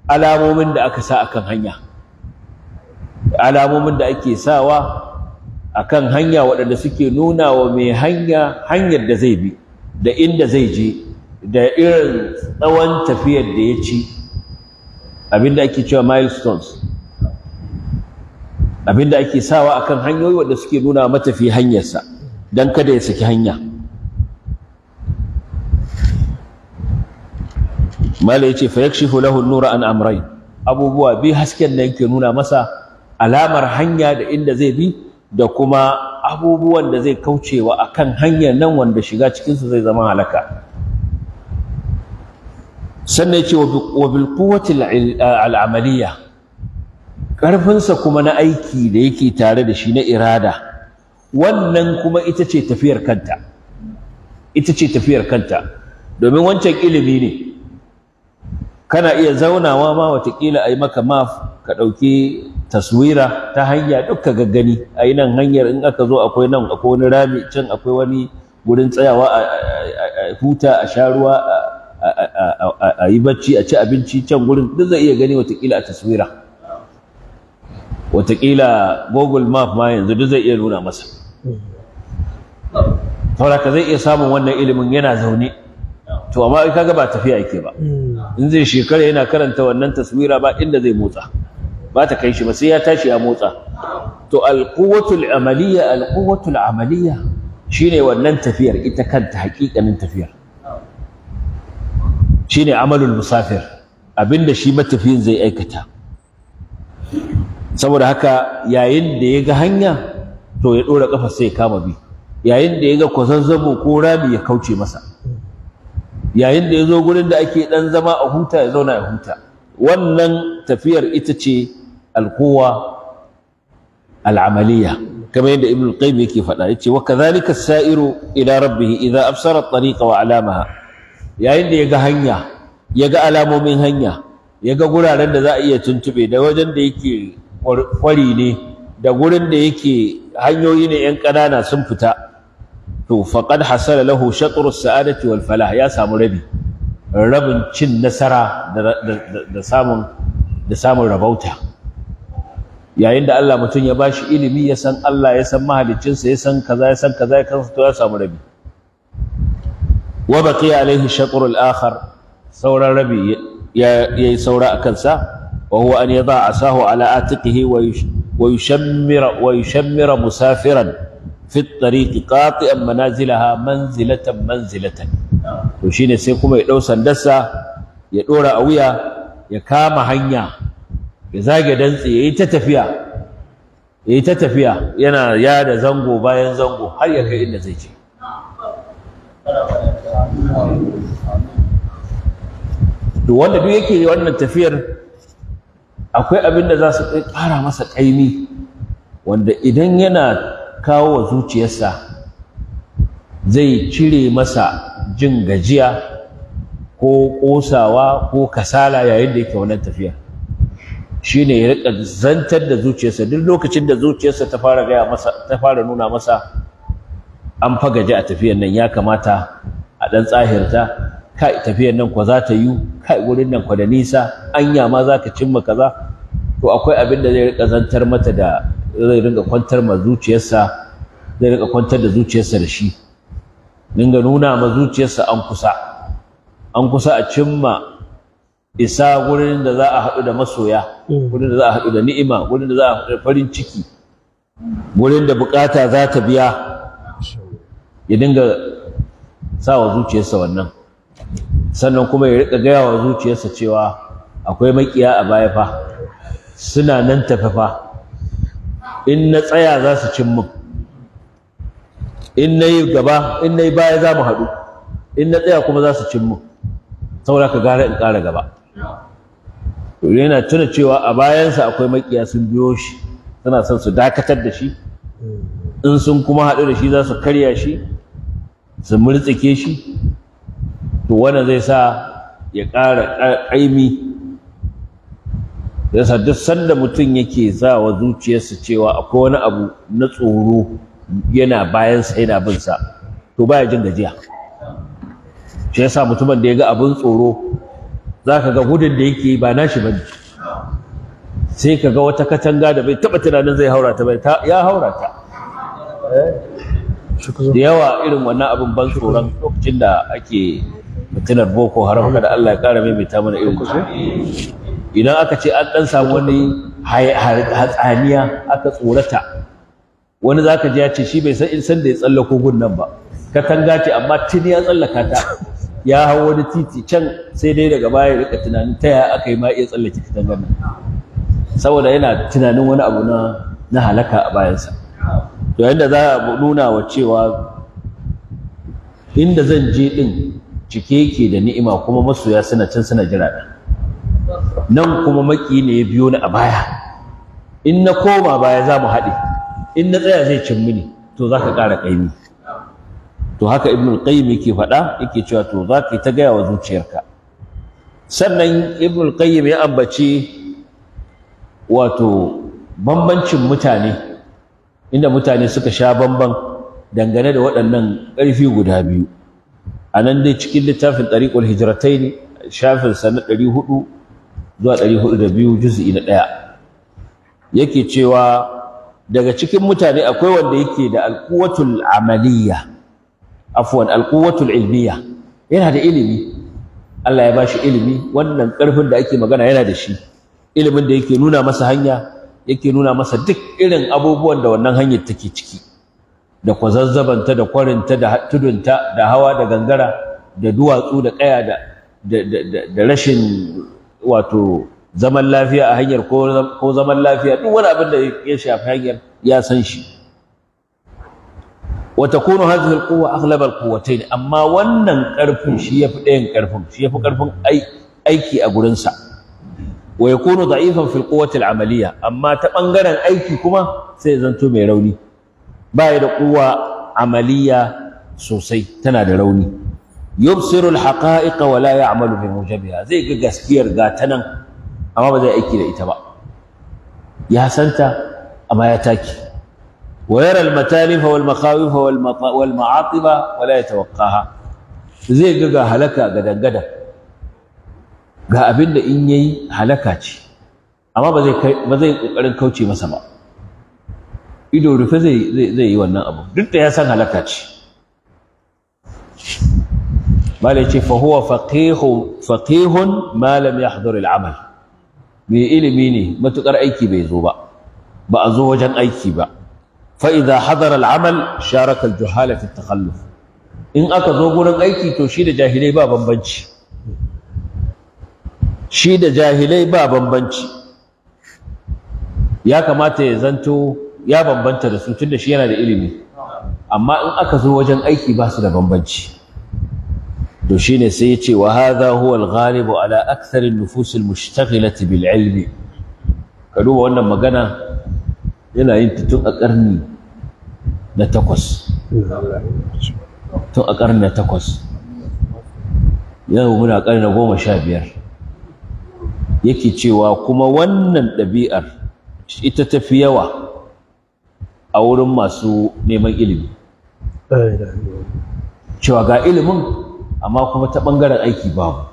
alamomin da aka sa akan hanya alamomin da ake sawa akan hanya waɗanda suke nuna wa mai hanya hanyar da zai bi da inda zai je da irin tsawon tafiyar da ya ci abinda ake cewa milestones abinda ake sawa akan hanyoyi waɗanda suke nuna wa matafi hanyarsa don kada ya saki hanya mala ya ce fa yakshifu lahu nura an amrai abubuwa bi hasken da yake nuna masa alamar hanya da inda zai bi da kuma abubuwan da zai kaucewa a kan hanyar nan wanda shiga cikinsu zai zama halaka sannan ce wa bilkowacin eh, al'amaliya ƙarfinsa kuma na aiki da yake tare da shi na irada wannan kuma ita ce tafiyar kanta ita ce tafiyar kanta domin wancan ilimi ne kana iya zaunawa ma watakila a yi maka maf ka ɗauki taswira ta hanya dukka gaggani a yi nan hanyar in aka zo akwai nan akwai wani rami can akwai wani wurin tsayawa a huta a sha ruwa a yi bacci a ci abinci can gurin duk zai iya gani watakila a taswira watakila google map ma yanzu duk zai iya nuna masa ka zai iya samun wannan ilimin yana zaune to amma kaga ba tafiya yake ba hmm. in zai shekara yana karanta wannan taswira ba inda zai motsa ba kai shi ba sai ya tashi ya motsa to alquwatul amaliya alquwatul amaliya shine wannan tafiyar ita kanta hakikanin tafiyar shine amalul musafir abinda shi matafiyin zai aikata saboda haka yayin da ya ga hanya to ya ɗora ƙafa sai ya kama bi yayin da ya ga kwazazzabo ko rami ya kauce masa yayin da ya zo gurin da ake ɗan zama a huta ya zauna ya huta wannan tafiyar ita ce alquwa al'amaliya kamar yadda ibn qayyim yake faɗa yace wa kadhalika as-sa'iru ila rabbih idza absara at-tariqa wa alamaha yayin da yaga hanya yaga alamomin hanya yaga guraren da za a iya tuntube da wajen da yake kwari ne da gurin da yake hanyoyi ne yan ƙanana sun fita to faqad hasala lahu shatru as-sa'adati wal falah ya samu rabi rabin cin nasara da samun da samun rabauta yayin da Allah mutum ya bashi ilimi ya san Allah ya san mahaliccinsa ya san kaza ya san kaza ya kansa to ya samu rabi wa baqiya alaihi shatrul akhar sauran rabi ya yi saura a kansa wa huwa an yada asahu ala atiqihi wa yushammira wa yushammira musafiran fi at-tariq qati'an manazilaha manzilatan manzilatan to shine sai kuma ya dau sandarsa ya dora a wuya ya kama hanya ya zage dantse ya yi ta tafiya ya ta tafiya yana yada zango bayan zango har ya kai inda zai ce to wanda duk yake wannan tafiyar akwai abin da za su ƙara masa ƙaimi wanda idan yana kawo wa zuciyarsa zai cire masa jin gajiya ko ƙosawa ko kasala yayin da yake wannan tafiyar. shine ya rika zantar da zuciyarsa duk lokacin da zuciyarsa ta fara gaya masa ta fara nuna masa an fagaje a tafiyar nan ya kamata a dan tsahirta kai tafiyar nan ko za ta yi kai gurin nan ko da nisa anya ma za ka cimma kaza to akwai abin da zai rika zantar mata da zai rika kwantar ma zuciyarsa zai rika kwantar da zuciyarsa da shi dinga nuna ma zuciyarsa an kusa an kusa a cimma isa gurin da za a haɗu da masoya gurin mm. da za a haɗu da ni'ima gurin da za a haɗu da farin ciki gurin da bukata za ta biya ya dinga sa wa zuciyarsa wannan sannan kuma ya riƙa gaya wa zuciyarsa cewa akwai makiya a baya fa suna nan tafe fa in na tsaya za su cin min in na yi gaba in na yi baya za mu haɗu in na tsaya kuma za su cin min saboda ka gara in ƙara gaba yana tuna cewa a bayansa akwai makiya sun biyo shi suna son su dakatar da shi in sun kuma haɗu da shi za su karya shi su murtsike shi to wannan zai sa ya ƙara ƙaimi yasa duk sanda mutum yake za wa zuciyarsa cewa akwai wani abu na tsoro yana bayansa yana binsa to baya jin gajiya shi yasa mutumin da ya ga abin tsoro za ka ga gudun da yake ba nashi ba ne sai ka ga wata katanga da bai taɓa tunanin zai haura ta bai ya haura ta da yawa irin wannan abin ban tsoron lokacin da ake mutunar boko haram kada Allah ya mai mita mana irin idan aka ce an ɗan samu wani hatsaniya aka tsorata wani za ka ji ya ce shi bai san in san da ya tsallako gun nan ba katanga ce amma tuni ya tsallaka ta ya hau wani titi can sai dai daga baya ya rika tunanin ta ya aka yi ma iya tsallake katangar nan saboda yana tunanin wani abu na na halaka a bayansa to yanda za a nuna wa cewa inda zan je din cike yake da ni'ima kuma masoya suna can suna jira nan kuma maki ne ya biyo ni a baya in na koma baya za mu haɗe in na tsaya zai cin mini to za ka ƙara ƙaimi to haka ibn qayyim yake faɗa yake cewa to za ka ta gaya wa zuciyarka sannan ibn qayyim ya ambaci wato bambancin mutane inda mutane suka sha bamban dangane da waɗannan ƙarfi guda biyu a nan dai cikin littafin ɗariƙul hijiratai ne shafin sa na ɗari hudu zuwa ɗari hudu da biyu juz'i na ɗaya yake cewa daga cikin mutane akwai wanda yake da alkuwatul amaliyya afwan alkuwatul ilmiya yana da ilimi Allah ya bashi ilimi wannan karfin da ake magana yana da shi ilimin da yake nuna masa hanya yake nuna masa duk irin abubuwan da wannan hanyar take ciki da kwazazzabanta da kwarinta da tudunta da hawa da gangara da duwatsu da kaya da da rashin wato zaman lafiya a hanyar ko zaman lafiya duk wani abin da ya shafi hanyar ya san shi وتكون هذه القوة أغلب القوتين أما ونن كرفن شيء فدين كرفن شيء فكرفن أي أيكي أقولنسا ويكون ضعيفا في القوة العملية أما تبانغرا أيكي كما سيزنتو ميروني بايد قوة عملية سوسي تنادى روني يبصر الحقائق ولا يعمل بموجبها زي غاسكير غاتنا أما بدأ أيكي لإتبع يا سنتا أما يتاكي ويرى المتالف والمخاوف والمعاطب ولا يتوقاها zai ga ga halaka gadan-gadan ga abin da in yayi halaka ce amma ba zai ba kauce masa ba ido rufe zai yi wannan abu duk da ya san halaka ce malai ce fa huwa faqihun faqihun ma lam yahdhur amal mai ilimi ne matukar aiki bai zo ba ba a zo wajen aiki ba fa'iza hadar al'amal sharakar juhala fi takhalluf in aka zo gurin aiki to shi da jahilai ba bambanci ya kamata ya zanto ya bambanta da su tunda shi yana da ilimi amma in aka zo wajen aiki ba su da bambanci to shine sai ya cewa haza hadha huwa ala aksarin an-nufus al-mushtaghilati bil ilmi ka duba wannan magana yana yin tun a ƙarni na takwas tun a ƙarni na takwas yau muna ƙarni na goma sha biyar yake cewa kuma wannan ɗabi'ar ita ta fi yawa a wurin masu neman ilimi cewa ga ilimin amma kuma ta ɓangaren aiki babu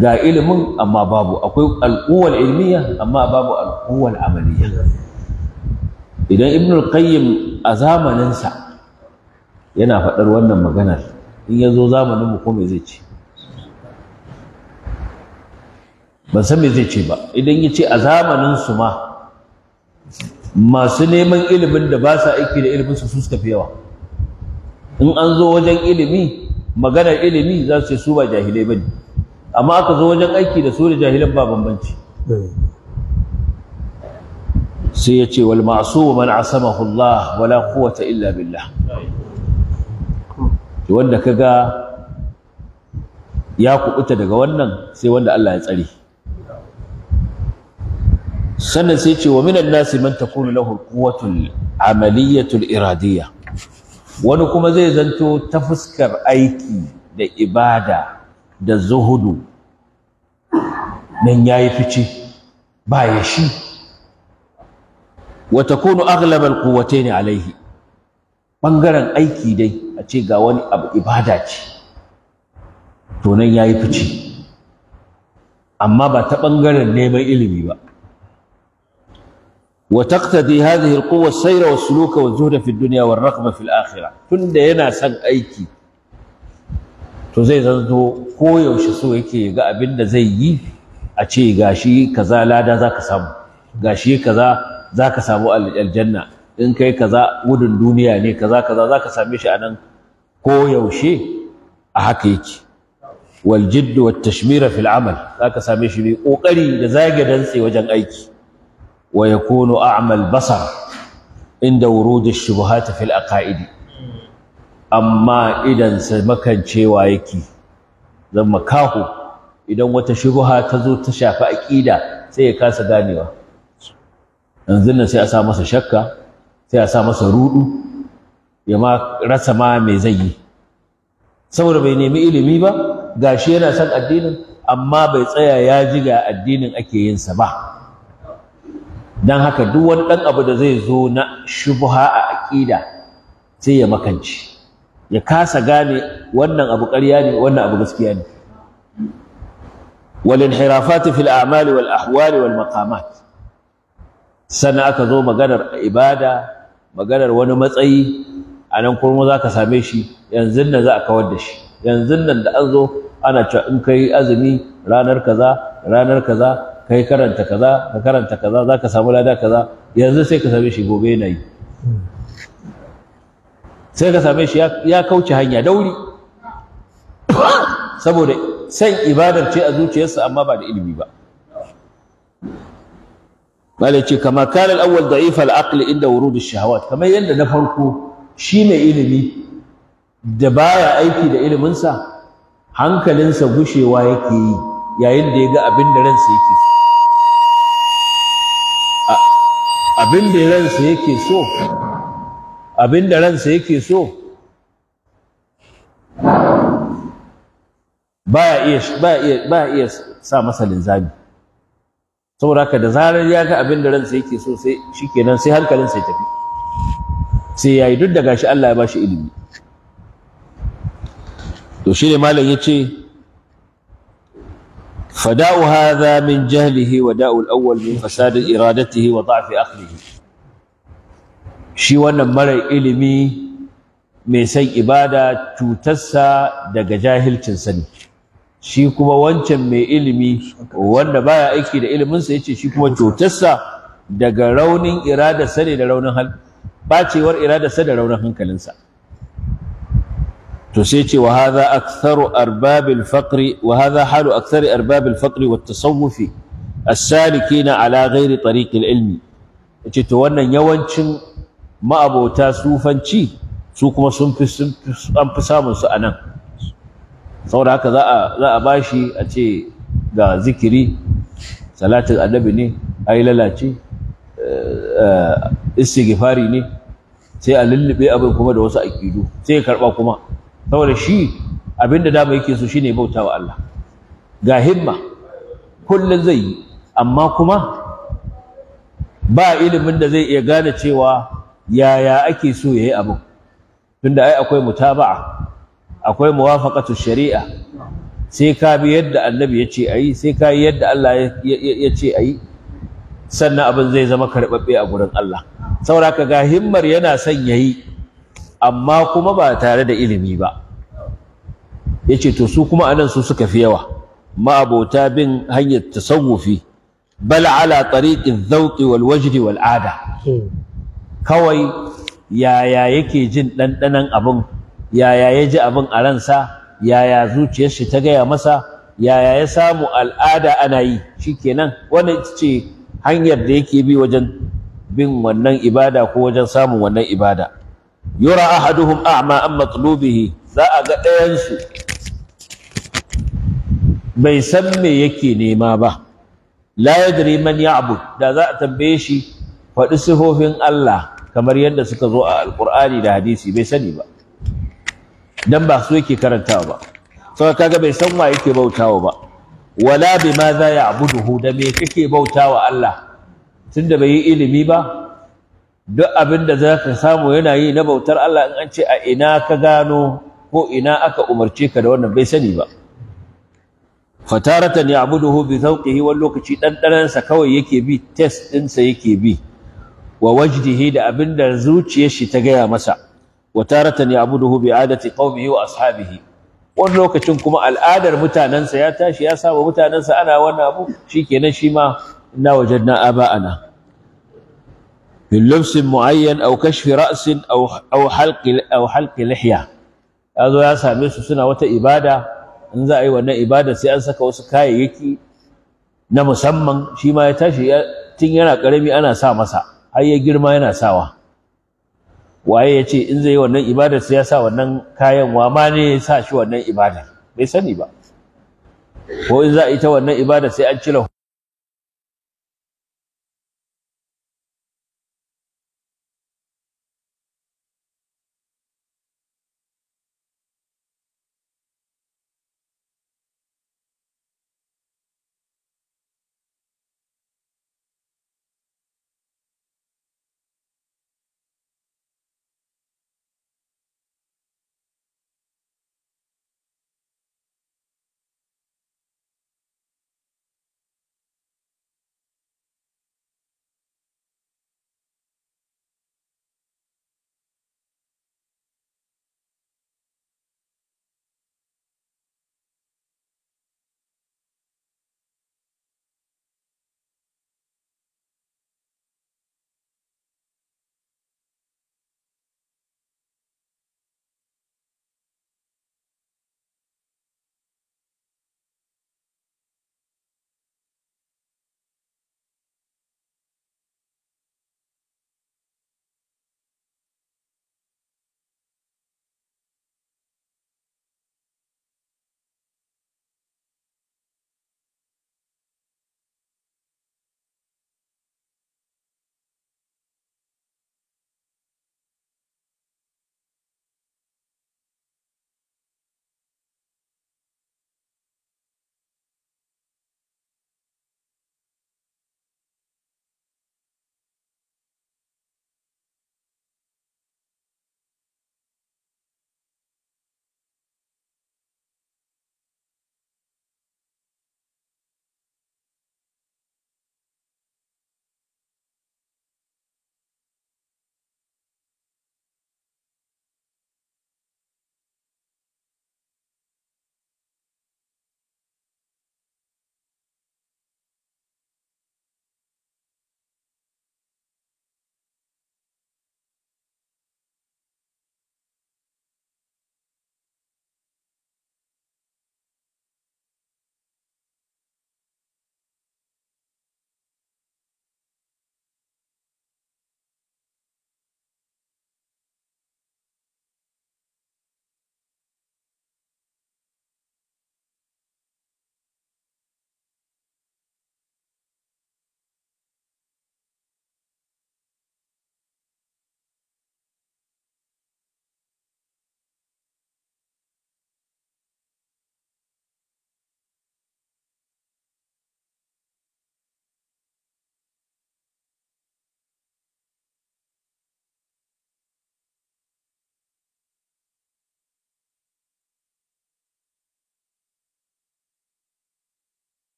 ga ilimin amma babu akwai al'uwar ilmiya amma babu al'uwar amaliya idan ibn al-qayyim a zamaninsa yana faɗar wannan maganar in ya zo zamaninmu ko me zai ce ban san me zai ce ba idan ya ce a zamaninsu ma masu neman ilimin da ba sa aiki da ilimin su suka fi yawa in an zo wajen ilimi maganar ilimi za su ce su ba jahilai ba ne amma aka zo wajen aiki da su da jahilan ba bambanci eh. sai ya ce wal ma'sum man asamahu Allah wala quwwata illa billah to wanda kaga ya kubuta daga wannan sai wanda Allah ya tsare sannan sai ce wa minan nasi man takunu lahu quwwatul amaliyatul iradiyya wani kuma zai zanto ta fuskar aiki da ibada da zuhudu nan yayi fice ba ya shi wa takunu aghlab alquwwatayn alaihi, bangaren aiki dai a ce ga wani abu ibada ce to nan yayi fice amma ba ta ɓangaren neman ilimi ba وتقتضي هذه القوة السير والسلوك والزهد في الدنيا والرغبة في الآخرة تند yana سن aiki. to zai zanto koyaushe so yake ga abin da zai yi a ce gashi kaza lada za ka samu gashi kaza za ka samu aljanna in kai kaza gudun duniya ne kaza kaza za ka same shi a nan koyaushe a haka yake wal jiddu wat tashmira fil amal za ka same shi ne ƙoƙari da zage dantse wajen aiki wa yakunu a'mal basar inda wurudi shubuhat fil aqaidi amma idan sa makancewa yake zan makaho idan wata shubha ta zo ta shafi aqida sai ya kasa ganewa yanzu nan sai a sa masa shakka sai a sa masa rudu ya ma rasa ma me zai yi saboda bai nemi ilimi ba gashi yana son addinin amma bai tsaya ya ji ga addinin ake yin sa ba dan haka duk wani dan abu da zai zo na shubha a aqida sai ya makanci ya kasa gane wannan abu ƙarya ne wannan abu gaskiya ne wal inhirafat fil a'mali wal ahwali wal maqamat sannan aka zo maganar ibada maganar wani matsayi a nan kuma za ka same shi yanzu nan za a kawar da shi yanzu nan da an zo ana cewa in kai azumi ranar kaza ranar kaza kai karanta kaza ka karanta kaza za ka samu lada kaza yanzu sai ka same shi gobe na yi sai ka same shi ya kauce hanya dauri saboda san ibadar ce a zuciyarsa amma ba da ilimi ba malai ce kama kana al akli da'if inda wurud ash-shahawat kamar yadda na farko shi ne ilimi da baya aiki da iliminsa hankalinsa gushewa yake yi yayin da ya ga abin da ransa yake so abin da ransa yake so abin da ransa yake so baya iya baya iya sa masa linzami saboda haka da zarar ya ga abin da ransa yake so sai shikenan sai hankalin ya tafi sai yayi duk da gashi Allah ya bashi ilimi to ne malam yace fada'u hadha min jahlihi wa da'u al-awwal min fasad iradatihi wa da'f aqlihi shi wannan mara ilimi mai san ibada cutarsa daga jahilcin sani shi kuma wancan mai ilimi wanda baya aiki da iliminsa yace shi kuma cutarsa daga raunin iradarsa ne da raunin hal bacewar iradarsa da raunin hankalinsa to sai ce wa hadha aktharu arbabil faqri wa hadha halu akthari arbabil faqri wat tasawufi as-salikina ala ghairi tariq al-ilmi yace to wannan yawancin ma'abota sufanci su kuma sun fi sun fi samun su anan saboda haka za a za a bashi a ce ga zikiri salatin annabi ne ai lalace eh, eh, istighfari ne sai a lullube abin kuma da wasu akidu sai ya karɓa kuma saboda shi abinda da dama yake so shine bauta wa Allah ga himma kullum zai yi amma kuma ba ilimin da zai iya gane cewa yaya ake so yayi yi abin tunda ai akwai mutaba'a akwai muwafaqatu shari'a sai ka bi yadda annabi ya ce ayi sai ka yi yadda Allah ya ce ayi sannan abin zai zama karɓaɓɓe a gurin Allah saboda ga himmar yana son yayi amma kuma ba tare da ilimi ba yace to su kuma anan su suka fi yawa ma'abota bin hanyar tasawufi bal ala tariqi dhawqi wal wajdi wal ada hmm. kawai yaya yake jin ɗanɗanon abin yaya ya ji abin a ransa yaya zuciyar shi ta gaya masa yaya ya samu al'ada ana yi shikenan wannan ita ce hanyar da yake bi wajen bin wannan ibada ko wajen samun wannan ibada yura ahaduhum a'ma an matlubihi za a ga ɗayansu bai san me yake nema ba la yadri man ya'bud da za a tambaye shi faɗi sifofin Allah kamar yadda suka zo a Alƙur'ani da hadisi bai sani ba dan ba su yake karantawa ba saboda kaga bai san wa yake bautawa ba wala bima za ya'buduhu da me kake bautawa Allah tunda bai yi ilimi ba duk abin da zaka samu yana yi na bautar Allah in an ce a ina ka gano ko ina aka umarce ka da wannan bai sani ba fataratan ya'buduhu bi zawqihi wal lokaci dan sa kawai yake bi test din sa yake bi wa wajdihi da abin da zuciyar shi ta gaya masa wa taratan ya'buduhu bi adati qaumihi wa ashabihi wani lokacin kuma al'adar mutanensa ya tashi ya saba mutanensa ana wannan abu shikenan shi ma na wajadna aba'ana min lubsin mu'ayyan aw kashfi ra'sin aw aw yazo ya same su suna wata ibada in za a yi wannan ibada sai an saka wasu kayayyaki na musamman shi ma ya tashi tun yana karami ana sa masa har ya girma yana sawa waye ya ce in zai yi wannan ibadar sai ya sa wannan kayan wa ne ya sa shi wannan ibadar bai sani ba ko in za a yi ta wannan ibadar sai an cire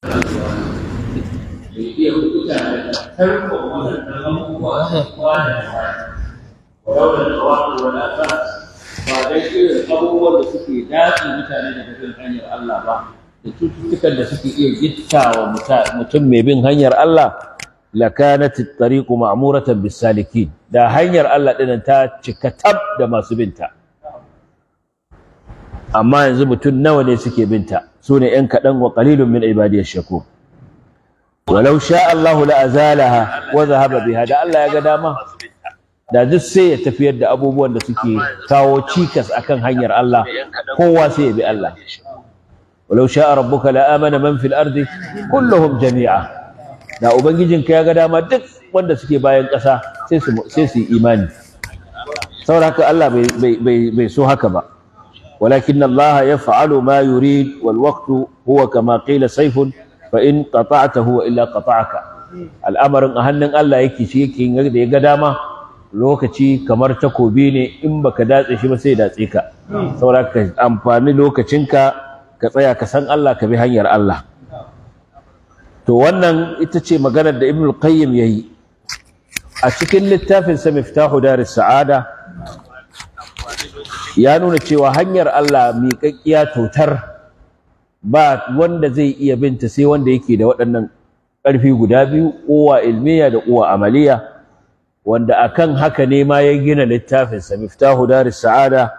da da suke iya mutum mai bin hanyar Allah lakanat at-tariqu ma'muratan bis-salikin da hanyar Allah din ta cika tab da masu binta amma yanzu mutum nawa ne suke binta sune yan kaɗan wa qalilun min ibadiyash shakur Walausha, Allahu Allah la azalaha wa dhahaba biha da Allah ya ga dama da duk sai ya tafiyar da abubuwan da suke kawo cikas akan hanyar Allah kowa sai ya bi Allah walau sha rabbuka la amana man fil ardi kulluhum jami'a da ubangijinka ya ga dama duk wanda suke bayan ƙasa sai su imani saboda haka Allah bai so haka ba ولكن الله يفعل ما يريد والوقت هو كما قيل سيف فإن قطعته وإلا قطعك al'amarin a hannun Allah yake shi yake yin da ya ga dama lokaci kamar takobi ne in baka datse shi ba sai datse ka saboda ka amfani lokacinka ka tsaya ka san Allah ka bi hanyar Allah to wannan ita ce maganar da Ibn al-Qayyim yayi a cikin littafin sa Miftahu Daris Sa'ada ya nuna cewa hanyar Allah miƙaƙƙiya totar ba wanda zai iya binta sai wanda yake da waɗannan ƙarfi guda biyu kowa ilmiya da kowa amaliya wanda akan haka ne ma ya gina littafin littafinsa miftahu daris sa'ada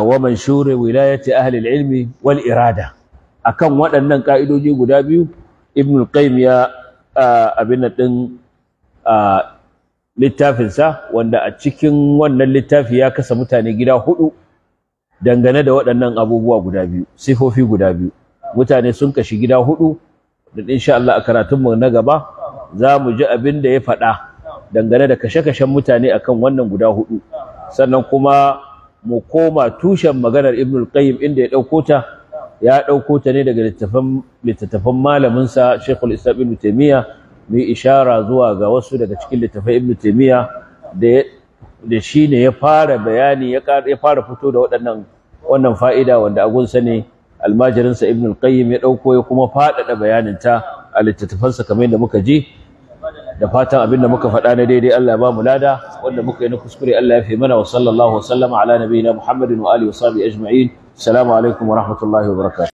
wa manshuri wilayati ahli ilmi wal irada akan waɗannan ƙa'idoji guda biyu ibn qayyim ya abin nan din littafinsa wanda a cikin wannan littafi ya kasa mutane gida hudu dangane da waɗannan abubuwa guda biyu sifofi guda biyu mutane sun kashi gida hudu da insha Allah a karatunmu na gaba za mu ji abin da ya faɗa dangane da kashe-kashen mutane akan wannan guda hudu sannan kuma mu koma tushen maganar Ibn al-Qayyim inda ya ɗauko ta ya ɗauko ta ne daga littattafan malaminsa Sheikhul Islam Ibn Taymiyyah mu ishara zuwa ga wasu daga cikin littafai Ibn taymiya da shi ne ya fara bayani ya fara fito da waɗannan wannan fa'ida wanda agunsa ne almajirinsa ibn al-qayyim ya ɗauko ya kuma faɗaɗa bayaninta a littattafansa kamar yadda muka ji da fatan abin da muka faɗa na daidai Allah ba mu lada wanda muka yi na kuskure Allah ya fi mana wa sallallahu wa sallama ala nabiyina Muhammadin wa alihi wa sahbihi ajma'in assalamu alaikum wa rahmatullahi wa barakatuh